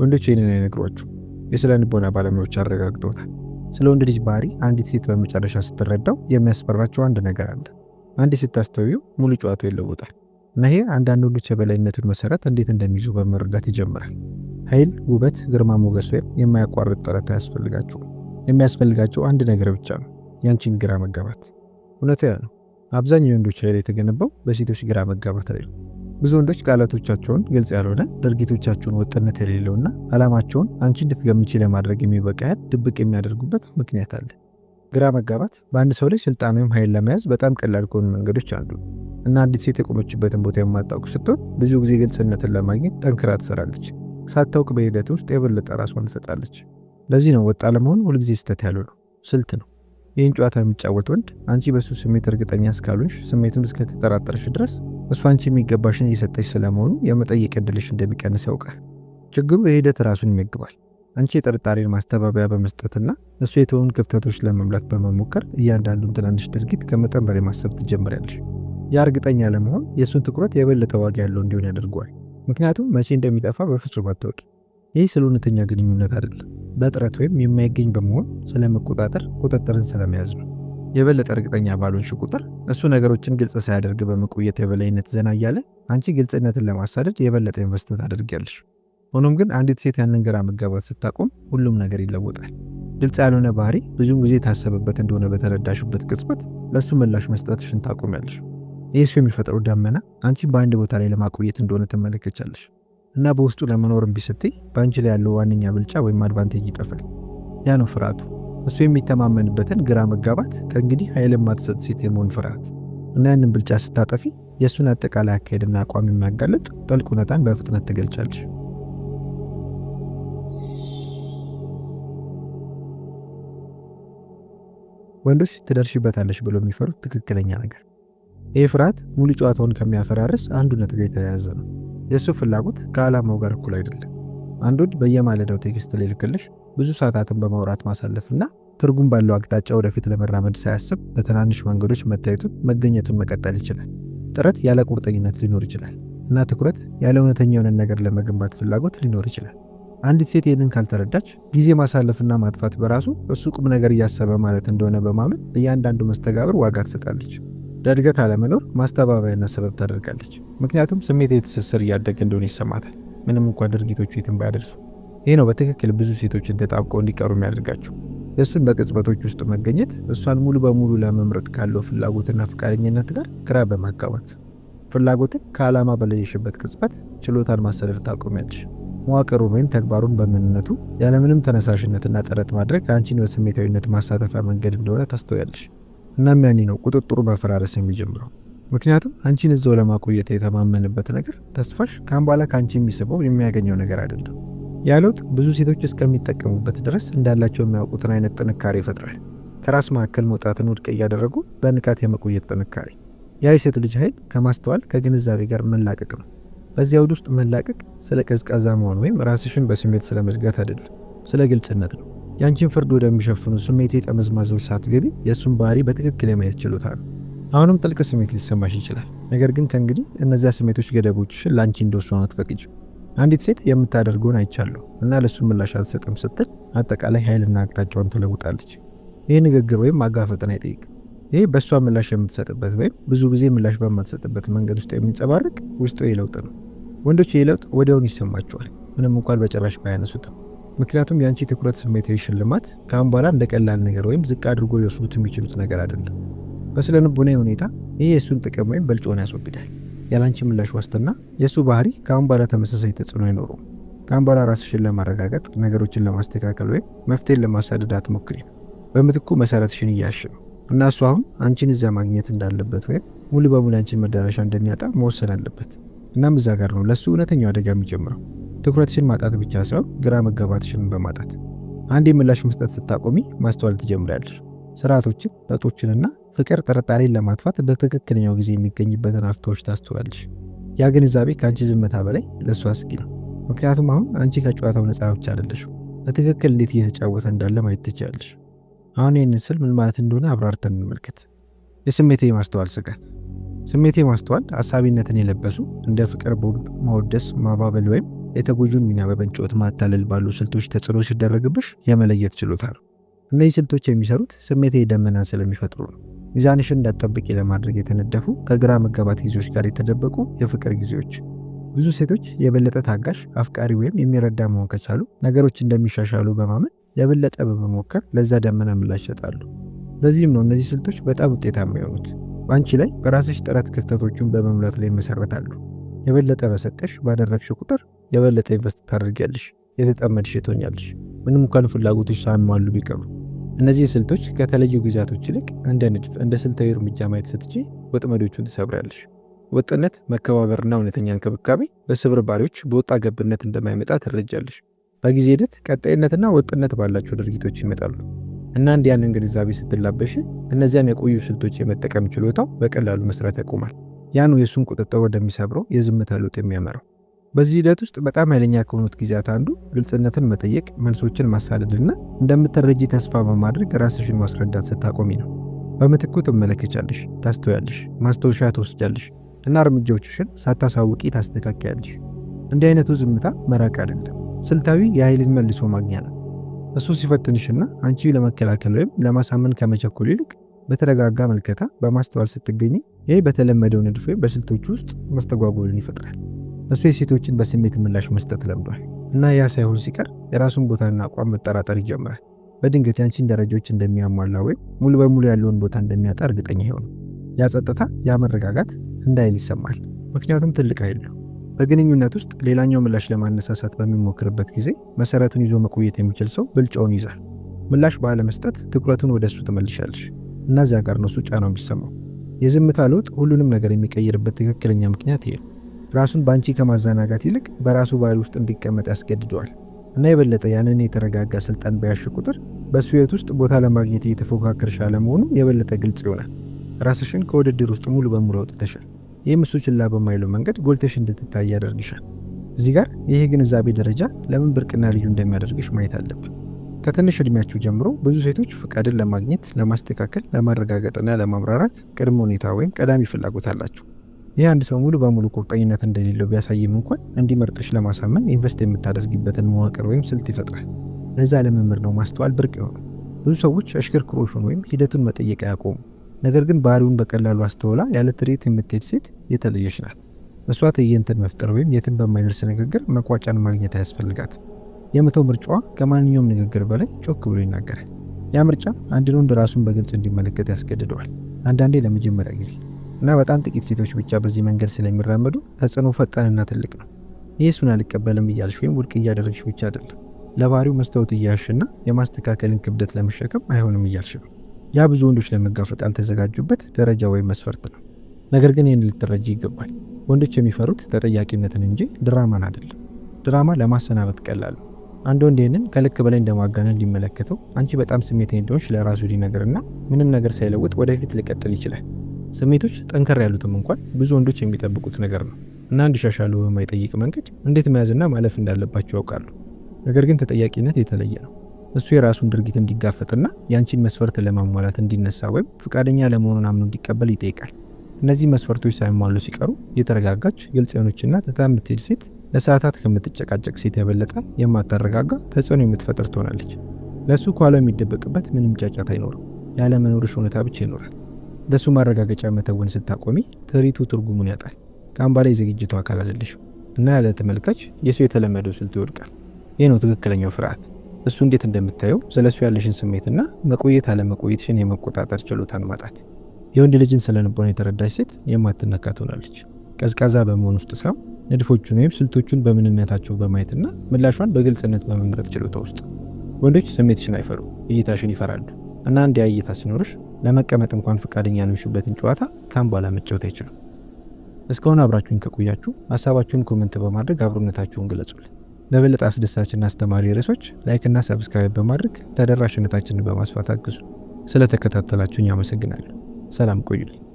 ወንዶች ይህንን አይነግሯችሁ፣ የስነ ልቦና ባለሙያዎች አረጋግጠውታል። ስለ ወንድ ልጅ ባህሪ አንዲት ሴት በመጨረሻ ስትረዳው የሚያስፈራቸው አንድ ነገር አለ። አንዲት ስታስተውዩ ሙሉ ጨዋቶ ይለወጣል እና አንዳንድ ወንዶች የበላይነቱን መሰረት እንዴት እንደሚይዙ በመረዳት ይጀምራል። ኃይል፣ ውበት፣ ግርማ ሞገስ ወይም የማያቋርጥ ጥረት አያስፈልጋቸው። የሚያስፈልጋቸው አንድ ነገር ብቻ ነው፣ ያንቺን ግራ መጋባት። እውነት ያ ነው። አብዛኛው የወንዶች ኃይል የተገነባው በሴቶች ግራ መጋባት ላይ ነው። ብዙ ወንዶች ቃላቶቻቸውን ግልጽ ያልሆነ ድርጊቶቻቸውን ወጥነት የሌለውና ዓላማቸውን አንቺ እንድትገምቺ ለማድረግ የሚበቃ ያህል ድብቅ የሚያደርጉበት ምክንያት አለ። ግራ መጋባት በአንድ ሰው ላይ ስልጣን ወይም ኃይል ለመያዝ በጣም ቀላል ከሆኑ መንገዶች አንዱ እና አንዲት ሴት የቆመችበትን ቦታ የማታውቅ ስትሆን ብዙ ጊዜ ግልጽነትን ለማግኘት ጠንክራ ትሰራለች። ሳታውቅ በሂደት ውስጥ የበለጠ ራሷን ትሰጣለች። ለዚህ ነው ወጣ ለመሆን ሁልጊዜ ስህተት ያሉ ነው፣ ስልት ነው። ይህን ጨዋታ የሚጫወት ወንድ አንቺ በሱ ስሜት እርግጠኛ እስካሉንሽ ስሜቱን እስከተጠራጠርሽ ድረስ እሷ አንቺ የሚገባሽን እየሰጠች ስለመሆኑ የመጠየቅ ዕድልሽ እንደሚቀንስ ያውቃል። ችግሩ የሂደት ራሱን ይመግባል። አንቺ የጥርጣሬን ማስተባበያ በመስጠትና እሱ የተውን ክፍተቶች ለመምላት በመሞከር እያንዳንዱን ትናንሽ ድርጊት ከመጠን በላይ ማሰብ ትጀምሪያለሽ። ያ እርግጠኛ ለመሆን የእሱን ትኩረት የበለጠ ዋጋ ያለው እንዲሆን ያደርገዋል። ምክንያቱም መቼ እንደሚጠፋ በፍጹም አታውቂ። ይህ ስለ እውነተኛ ግንኙነት አይደለም፣ በጥረት ወይም የማይገኝ በመሆን ስለመቆጣጠር ቁጥጥርን ስለመያዝ ነው። የበለጠ እርግጠኛ ባልሆንሽ ቁጥር እሱ ነገሮችን ግልጽ ሳያደርግ በመቆየት የበላይነት ዘና እያለ አንቺ ግልጽነትን ለማሳደድ የበለጠ ኢንቨስት ታደርጊያለሽ። ሆኖም ግን አንዲት ሴት ያንን ግራ መጋባት ስታቆም ሁሉም ነገር ይለወጣል። ግልጽ ያልሆነ ባህሪ ብዙም ጊዜ የታሰበበት እንደሆነ በተረዳሽበት ቅጽበት ለእሱ ምላሽ መስጠትሽን ታቆሚያለሽ። ይህ ሰው የሚፈጥረው ደመና አንቺ በአንድ ቦታ ላይ ለማቆየት እንደሆነ ትመለከቻለሽ እና በውስጡ ለመኖር እምቢ ስትይ በአንቺ ላይ ያለው ዋነኛ ብልጫ ወይም አድቫንቴጅ ይጠፋል። ያ ነው ፍርሃቱ። እሱ የሚተማመንበትን ግራ መጋባት ከእንግዲህ ኃይል የማትሰጥ ሴት የመሆን ፍርሃት እና ያንን ብልጫ ስታጠፊ የእሱን አጠቃላይ አካሄድና አቋም የሚያጋለጥ ጥልቅ እውነታን በፍጥነት ትገልጫለሽ። ወንዶች ትደርሽበታለሽ ብሎ የሚፈሩት ትክክለኛ ነገር ይህ ፍርሃት ሙሉ ጨዋታውን ከሚያፈራርስ አንዱ ነጥብ የተያያዘ ነው። የእሱ ፍላጎት ከዓላማው ጋር እኩል አይደለም። አንድ በየማለዳው ቴክስት ልክልሽ ብዙ ሰዓታትን በማውራት ማሳለፍ ትርጉም ባለው አቅጣጫ ወደፊት ለመራመድ ሳያስብ በትናንሽ መንገዶች መታየቱን መገኘቱን መቀጠል ይችላል። ጥረት ያለ ቁርጠኝነት ሊኖር ይችላል እና ትኩረት ያለ እውነተኛ የሆነ ነገር ለመገንባት ፍላጎት ሊኖር ይችላል። አንዲት ሴት ይህንን ካልተረዳች ጊዜ ማሳለፍና ማጥፋት በራሱ እሱ ቁም ነገር እያሰበ ማለት እንደሆነ በማመን እያንዳንዱ መስተጋብር ዋጋ ትሰጣለች። ለእድገት አለመኖር ማስተባበያና ሰበብ ታደርጋለች፣ ምክንያቱም ስሜት የትስስር እያደገ እንደሆነ ይሰማታል ምንም እንኳ ድርጊቶቹ የትም ባያደርሱ ይህ ነው በትክክል ብዙ ሴቶች ተጣብቀው እንዲቀሩ የሚያደርጋቸው። እሱን በቅጽበቶች ውስጥ መገኘት እሷን ሙሉ በሙሉ ለመምረጥ ካለው ፍላጎትና ፈቃደኝነት ጋር ግራ በማጋባት ፍላጎትን ከዓላማ በለየሽበት ቅጽበት ችሎታን ማሰደድ ታቆሚያለሽ። መዋቅሩን ወይም ተግባሩን በምንነቱ ያለምንም ተነሳሽነትና ጥረት ማድረግ አንቺን በስሜታዊነት ማሳተፊያ መንገድ እንደሆነ ታስተውያለሽ። እናም ያኔ ነው ቁጥጥሩ መፈራረስ የሚጀምረው። ምክንያቱም አንቺን እዛው ለማቆየት የተማመንበት ነገር ተስፋሽ ካም በኋላ ከአንቺ የሚስበው የሚያገኘው ነገር አይደለም። ያ ለውጥ ብዙ ሴቶች እስከሚጠቀሙበት ድረስ እንዳላቸው የሚያውቁትን አይነት ጥንካሬ ይፈጥራል። ከራስ መካከል መውጣትን ውድቅ እያደረጉ በንቃት የመቆየት ጥንካሬ። ያ የሴት ልጅ ኃይል ከማስተዋል ከግንዛቤ ጋር መላቀቅ ነው። በዚያ ውድ ውስጥ መላቀቅ ስለ ቀዝቃዛ መሆን ወይም ራስሽን በስሜት ስለ መዝጋት አይደለም፣ ስለ ግልጽነት ነው። ያንቺን ፍርድ ወደሚሸፍኑ ስሜት የጠመዝማዘው ሳትገቢ የእሱን ባህሪ በትክክል የማየት ችሎታ ነው። አሁንም ጥልቅ ስሜት ሊሰማሽ ይችላል፣ ነገር ግን ከእንግዲህ እነዚያ ስሜቶች ገደቦችሽን ለአንቺ እንደወሰኑ አትፈቅጂም። አንዲት ሴት የምታደርገውን አይቻለሁ እና ለሱ ምላሽ አትሰጥም ስትል አጠቃላይ ኃይልና አቅጣጫውን ትለውጣለች። ይህ ንግግር ወይም ማጋፈጥን አይጠይቅም። ይህ በእሷ ምላሽ የምትሰጥበት ወይም ብዙ ጊዜ ምላሽ በማትሰጥበት መንገድ ውስጥ የሚንጸባረቅ ውስጣዊ ለውጥ ነው። ወንዶች ይህ ለውጥ ወዲያውን ይሰማቸዋል፣ ምንም እንኳን በጭራሽ ባያነሱትም። ምክንያቱም የአንቺ ትኩረት ስሜታዊ ሽልማት ከአሁን በኋላ እንደ ቀላል ነገር ወይም ዝቅ አድርጎ ሊወስዱት የሚችሉት ነገር አይደለም። በስነ ልቦናዊ ሁኔታ ይህ የእሱን ጥቅም ወይም ብልጫውን ያስወግዳል። ያላንቺ ምላሽ ዋስትና የእሱ ባህሪ ከአሁን በኋላ ተመሳሳይ ተጽዕኖ አይኖሩም። ከአሁን በኋላ ራስሽን ለማረጋገጥ ነገሮችን ለማስተካከል ወይም መፍትሄን ለማሳደድ አትሞክሪ። በምትኩ መሰረትሽን እያሽ ነው እና እሱ አሁን አንቺን እዚያ ማግኘት እንዳለበት ወይም ሙሉ በሙሉ አንቺን መዳረሻ እንደሚያጣ መወሰን አለበት። እናም እዛ ጋር ነው ለእሱ እውነተኛው አደጋ የሚጀምረው። ትኩረትሽን ማጣት ብቻ ሳይሆን ግራ መጋባትሽን በማጣት አንድ ምላሽ መስጠት ስታቆሚ ማስተዋል ትጀምሪያለሽ። ስርዓቶችን ለውጦችንና ፍቅር ጥርጣሬን ለማጥፋት በትክክለኛው ጊዜ የሚገኝበትን አፍታዎች ታስተዋልሽ። ያ ግንዛቤ ከአንቺ ዝምታ በላይ ለእሱ አስጊ ነው። ምክንያቱም አሁን አንቺ ከጨዋታው ነጻ ብቻ አይደለሽ፣ በትክክል እንዴት እየተጫወተ እንዳለ ማየት ትችላለሽ። አሁን ይህንን ስል ምን ማለት እንደሆነ አብራርተን እንመልከት። የስሜቴ ማስተዋል ስጋት ስሜቴ ማስተዋል አሳቢነትን የለበሱ እንደ ፍቅር ቦምብ፣ ማወደስ፣ ማባበል ወይም የተጎጁን ሚና በመጫወት ማታለል ባሉ ስልቶች ተጽዕኖ ሲደረግብሽ የመለየት ችሎታ ነው። እነዚህ ስልቶች የሚሰሩት ስሜቴ ደመና ስለሚፈጥሩ ነው። ሚዛንሽን እንዳትጠብቂ ለማድረግ የተነደፉ ከግራ መጋባት ጊዜዎች ጋር የተደበቁ የፍቅር ጊዜዎች። ብዙ ሴቶች የበለጠ ታጋሽ፣ አፍቃሪ ወይም የሚረዳ መሆን ከቻሉ ነገሮች እንደሚሻሻሉ በማመን የበለጠ በመሞከር ለዛ ደመና ምላሽ ይሰጣሉ። ለዚህም ነው እነዚህ ስልቶች በጣም ውጤታማ የሆኑት። በአንቺ ላይ በራስሽ ጥረት ክፍተቶቹን በመሙላት ላይ ይመሰረታሉ። የበለጠ በሰጠሽ ባደረግሽ ቁጥር የበለጠ ኢንቨስት ታደርጊያለሽ፣ የተጠመድሽ ትሆኛለሽ፣ ምንም እንኳን ፍላጎቶች ሳይሟሉ ቢቀሩ። እነዚህ ስልቶች ከተለዩ ጊዜያቶች ይልቅ እንደ ንድፍ፣ እንደ ስልታዊ እርምጃ ማየት ስትች ወጥመዶቹን ትሰብሪያለሽ። ወጥነት፣ መከባበርና እውነተኛ እንክብካቤ በስብር ባሪዎች በወጣ ገብነት እንደማይመጣ ትረጃለሽ። በጊዜ ሂደት ቀጣይነትና ወጥነት ባላቸው ድርጊቶች ይመጣሉ። እናንድ ያንን ግንዛቤ ስትላበሽ እነዚያን የቆዩ ስልቶች የመጠቀም ችሎታው በቀላሉ መስራት ያቆማል። ያኑ ነው የእሱን ቁጥጥር ወደሚሰብረው የዝምታ ለውጥ የሚያመራው። በዚህ ሂደት ውስጥ በጣም ኃይለኛ ከሆኑት ጊዜያት አንዱ ግልጽነትን መጠየቅ፣ መልሶችን ማሳደድና እንደምትረጂ ተስፋ በማድረግ ራስሽን ማስረዳት ስታቆሚ ነው። በምትኩ ትመለከቻለሽ፣ ታስተውያለሽ፣ ማስታወሻ ትወስጃለሽ እና እርምጃዎችሽን ሳታሳውቂ ታስተካክያለሽ። እንዲህ አይነቱ ዝምታ መራቅ አይደለም፣ ስልታዊ የኃይልን መልሶ ማግኛ ነው። እሱ ሲፈትንሽና አንቺ ለመከላከል ወይም ለማሳመን ከመቸኮል ይልቅ በተረጋጋ መልከታ በማስተዋል ስትገኝ፣ ይህ በተለመደው ንድፍ ወይም በስልቶች ውስጥ መስተጓጎልን ይፈጥራል። እሱ የሴቶችን በስሜት ምላሽ መስጠት ለምዷል እና ያ ሳይሆን ሲቀር የራሱን ቦታና አቋም መጠራጠር ይጀምራል። በድንገት ያንቺን ደረጃዎች እንደሚያሟላ ወይም ሙሉ በሙሉ ያለውን ቦታ እንደሚያጣ እርግጠኛ ይሆኑ። ያ ጸጥታ፣ ያ መረጋጋት እንዳይል ይሰማል። ምክንያቱም ትልቅ ኃይል ነው። በግንኙነት ውስጥ ሌላኛው ምላሽ ለማነሳሳት በሚሞክርበት ጊዜ መሰረቱን ይዞ መቆየት የሚችል ሰው ብልጫውን ይዛል። ምላሽ ባለመስጠት ትኩረቱን ወደ እሱ ትመልሻለሽ እና እዚያ ጋር ነው እሱ ጫናው የሚሰማው። የዝምታ ለውጥ ሁሉንም ነገር የሚቀይርበት ትክክለኛ ምክንያት ይሄ ነው። ራሱን በአንቺ ከማዘናጋት ይልቅ በራሱ ባህል ውስጥ እንዲቀመጥ ያስገድደዋል እና የበለጠ ያንን የተረጋጋ ስልጣን በያሽ ቁጥር በሱ ሕይወት ውስጥ ቦታ ለማግኘት እየተፎካከርሽ አለመሆኑ የበለጠ ግልጽ ይሆናል። ራስሽን ከውድድር ውስጥ ሙሉ በሙሉ አውጥተሻል። ይህም እሱ ችላ በማይለው መንገድ ጎልተሽ እንድትታይ ያደርግሻል። እዚህ ጋር ይህ ግንዛቤ ደረጃ ለምን ብርቅና ልዩ እንደሚያደርግሽ ማየት አለብን። ከትንሽ እድሜያቸው ጀምሮ ብዙ ሴቶች ፍቃድን ለማግኘት፣ ለማስተካከል፣ ለማረጋገጥና ለማምራራት ቅድመ ሁኔታ ወይም ቀዳሚ ፍላጎት አላቸው። ይህ አንድ ሰው ሙሉ በሙሉ ቁርጠኝነት እንደሌለው ቢያሳይም እንኳን እንዲመርጥሽ ለማሳመን ኢንቨስት የምታደርጊበትን መዋቅር ወይም ስልት ይፈጥራል። ለዛ ልምምድ ነው ማስተዋል ብርቅ የሆነው። ብዙ ሰዎች አሽከርክሮሹን ወይም ሂደቱን መጠየቅ አያቆሙ። ነገር ግን ባህሪውን በቀላሉ አስተውላ ያለ ትርኢት የምትሄድ ሴት የተለየች ናት። እሷ ትዕይንትን መፍጠር ወይም የትን በማይደርስ ንግግር መቋጫን ማግኘት አያስፈልጋት። የምተው ምርጫዋ ከማንኛውም ንግግር በላይ ጮክ ብሎ ይናገራል። ያ ምርጫ አንድን ወንድ ራሱን በግልጽ እንዲመለከት ያስገድደዋል፣ አንዳንዴ ለመጀመሪያ ጊዜ እና በጣም ጥቂት ሴቶች ብቻ በዚህ መንገድ ስለሚራመዱ ተጽዕኖ ፈጣንና ትልቅ ነው። ይህ እሱን አልቀበልም እያልሽ ወይም ውድቅ እያደረግሽ ብቻ አይደለም፣ ለባህሪው መስታወት እያያሽና የማስተካከልን ክብደት ለመሸከም አይሆንም እያልሽ ነው። ያ ብዙ ወንዶች ለመጋፈጥ ያልተዘጋጁበት ደረጃ ወይም መስፈርት ነው። ነገር ግን ይህን ልትረጂ ይገባል። ወንዶች የሚፈሩት ተጠያቂነትን እንጂ ድራማን አይደለም። ድራማ ለማሰናበት ቀላሉ አንድ ወንድ ይህንን ከልክ በላይ እንደማጋነን ሊመለከተው፣ አንቺ በጣም ስሜት እንደሆንሽ ለራሱ ሊነግርና ምንም ነገር ሳይለውጥ ወደፊት ሊቀጥል ይችላል። ስሜቶች ጠንከር ያሉትም እንኳን ብዙ ወንዶች የሚጠብቁት ነገር ነው እና እንዲሻሻሉ በማይጠይቅ መንገድ እንዴት መያዝና ማለፍ እንዳለባቸው ያውቃሉ። ነገር ግን ተጠያቂነት የተለየ ነው። እሱ የራሱን ድርጊት እንዲጋፈጥና ያንቺን መስፈርት ለማሟላት እንዲነሳ ወይም ፍቃደኛ ለመሆኑን አምኖ እንዲቀበል ይጠይቃል። እነዚህ መስፈርቶች ሳይሟሉ ሲቀሩ የተረጋጋች ግልጽ የሆነችና ትታ የምትሄድ ሴት ለሰዓታት ከምትጨቃጨቅ ሴት የበለጠ የማታረጋጋ ተጽዕኖ የምትፈጥር ትሆናለች። ለእሱ ከኋላ የሚደበቅበት ምንም ጫጫት አይኖርም። ያለመኖርሽ እውነታ ብቻ ይኖራል። ለእሱ ማረጋገጫ መተወን ስታቆሚ ትርኢቱ ትርጉሙን ያጣል። ከአምባ ላይ ዝግጅቱ አካል አይደለሽም እና ያለ ተመልካች የእሱ የተለመደው ስልት ይወድቃል። ይህ ነው ትክክለኛው ፍርሃት። እሱ እንዴት እንደምታየው ስለ እሱ ያለሽን ስሜትና መቆየት አለመቆየትሽን የመቆጣጠር ችሎታን ማጣት። የወንድ ልጅን ስነ ልቦና የተረዳች ሴት የማትነካ ትሆናለች። ቀዝቃዛ በመሆን ውስጥ ሳይሆን ንድፎቹን ወይም ስልቶቹን በምንነታቸው በማየትና ምላሿን በግልጽነት በመምረጥ ችሎታ ውስጥ። ወንዶች ስሜትሽን አይፈሩ፣ እይታሽን ይፈራሉ እና እንዲያ እይታ ሲኖርሽ ለመቀመጥ እንኳን ፈቃደኛ ያልሆናችሁበትን ጨዋታ ካም በኋላ መጫወት አይችልም። እስካሁን አብራችሁን ከቆያችሁ ሀሳባችሁን ኮመንት በማድረግ አብሮነታችሁን ግለጹል። ለበለጠ አስደሳችና አስተማሪ ርዕሶች ላይክና ሰብስክራይብ በማድረግ ተደራሽነታችንን በማስፋት አግዙ። ስለተከታተላችሁን ያመሰግናለሁ። ሰላም ቆዩልኝ።